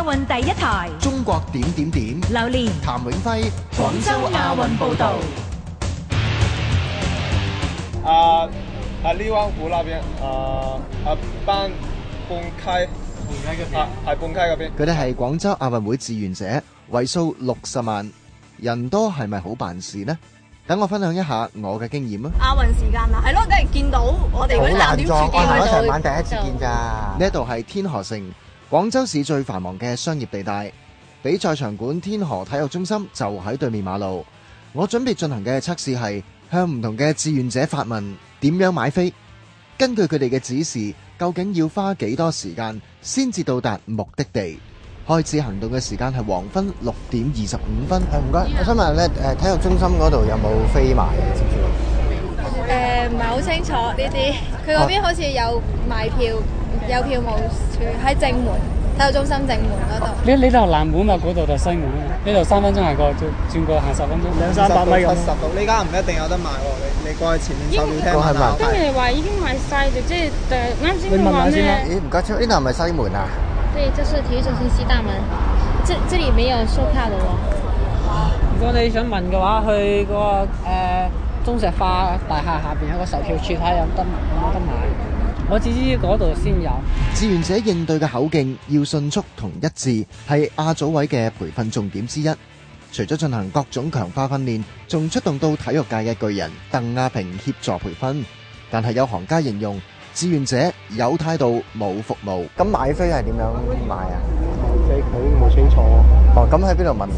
亞運第一台，中國點點點，劉連譚永暉，廣州亞運報道。啊啊，荔灣湖那邊啊啊，班半溪半溪嗰邊啊，係半溪嗰邊。佢哋係廣州亞運會志願者，位數六十萬人多係咪好辦事呢？等我分享一下我嘅經驗啊！亞運時間啊，係咯，梗係見到我哋嗰啲站點出現，我哋第一晚第一次見咋。呢度係天河城。廣州市最繁忙嘅商業地帶，比賽場館天河體育中心就喺對面馬路。我準備進行嘅測試係向唔同嘅志願者發問，點樣買飛？根據佢哋嘅指示，究竟要花幾多時間先至到達目的地？開始行動嘅時間係黃昏六點二十五分。誒，唔該，我想問咧，誒，體育中心嗰度有冇飛賣？知唔知？誒，唔係好清楚呢啲，佢嗰邊好似有賣票，有票務處喺正門，體育中心正門嗰度。你呢度南門嘛，嗰度就西門。呢度三分鐘行過，轉轉過行十分鐘，兩三百米用。十六，呢家唔一定有得賣喎，你你過去前面收票廳嗱。都係話已經賣晒就即係誒啱先問下先唔該、嗯，呢度係咪西門啊？對，這、就是體育中心西大門，這這裏沒有 show 喎。啊、如果你想問嘅話，去嗰、那個誒。呃中石化大廈下邊有個售票處，睇下有得買冇得買，我只知道嗰度先有。志願者應對嘅口徑要迅速同一致，係亞組委嘅培訓重點之一。除咗進行各種強化訓練，仲出動到體育界嘅巨人鄧亞萍協助培訓。但係有行家形容，志願者有態度冇服務。咁買飛係點樣買啊？對，佢冇清楚。哦，咁喺邊度問？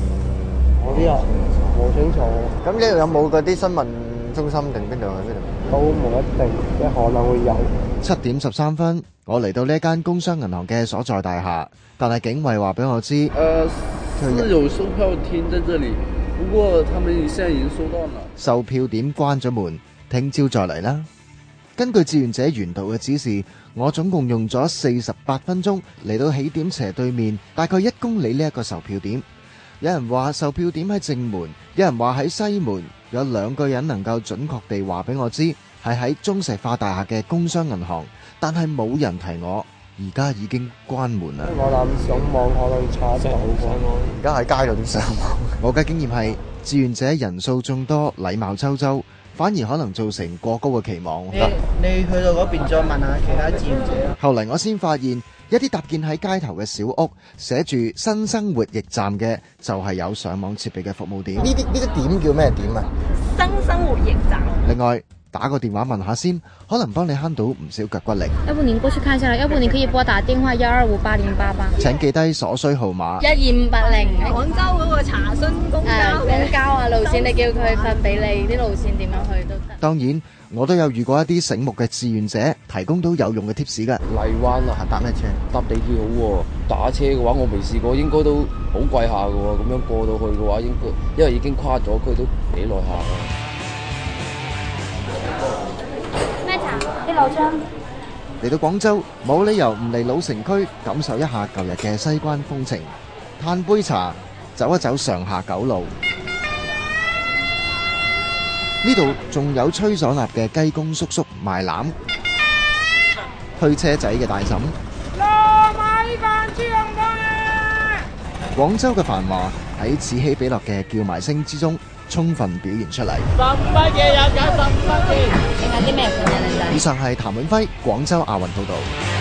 我呢度冇清楚。咁呢度有冇嗰啲新聞？中心定邊度？喺邊度？都冇一定，即係可能會有。七點十三分，我嚟到呢一間工商銀行嘅所在大廈，但係警衛話俾我知，誒，是有售票廳在這裡，不過他們現在已經收檔啦。售票點關咗門，聽朝再嚟啦。根據志願者沿途嘅指示，我總共用咗四十八分鐘嚟到起點斜對面大概一公里呢一個售票點。有人話售票點喺正門，有人話喺西門。有兩個人能夠準確地話俾我知係喺中石化大廈嘅工商銀行，但係冇人提我而家已經關門啦。我諗上網可能差得好遠，而家喺街嗰啲上網。我嘅經驗係，志願者人數眾多，禮貌周周。反而可能造成過高嘅期望。你你去到嗰邊再問下其他志願者。後嚟我先發現一啲搭建喺街頭嘅小屋，寫住新生活驛站嘅就係、是、有上網設備嘅服務點。呢啲呢啲點叫咩點啊？新生活驛站。另外。打個電話問下先，可能幫你慳到唔少腳骨力。要不您過去看一下啦，要不你可以撥打電話幺二五八零八八，請記低所需號碼。一二五八零，廣州嗰個查詢公交、嗯、公交啊路線，你叫佢分俾你啲路線點樣去都得。當然，我都有遇過一啲醒目嘅志願者提供到有用嘅貼士噶。荔灣啊，係搭咩車？搭地鐵好喎、啊，打車嘅話我未試過，應該都好貴下噶。咁樣過到去嘅話，應該因爲已經跨咗區都幾耐下啦。嚟到廣州，冇理由唔嚟老城區感受一下舊日嘅西關風情，歎杯茶，走一走上下九路。呢度仲有吹嗩吶嘅雞公叔叔賣欖，推車仔嘅大嬸。糯米飯，豬紅湯。廣州嘅繁華喺此起彼落嘅叫賣聲之中，充分表現出嚟。以上係譚永暉廣州亞運報道。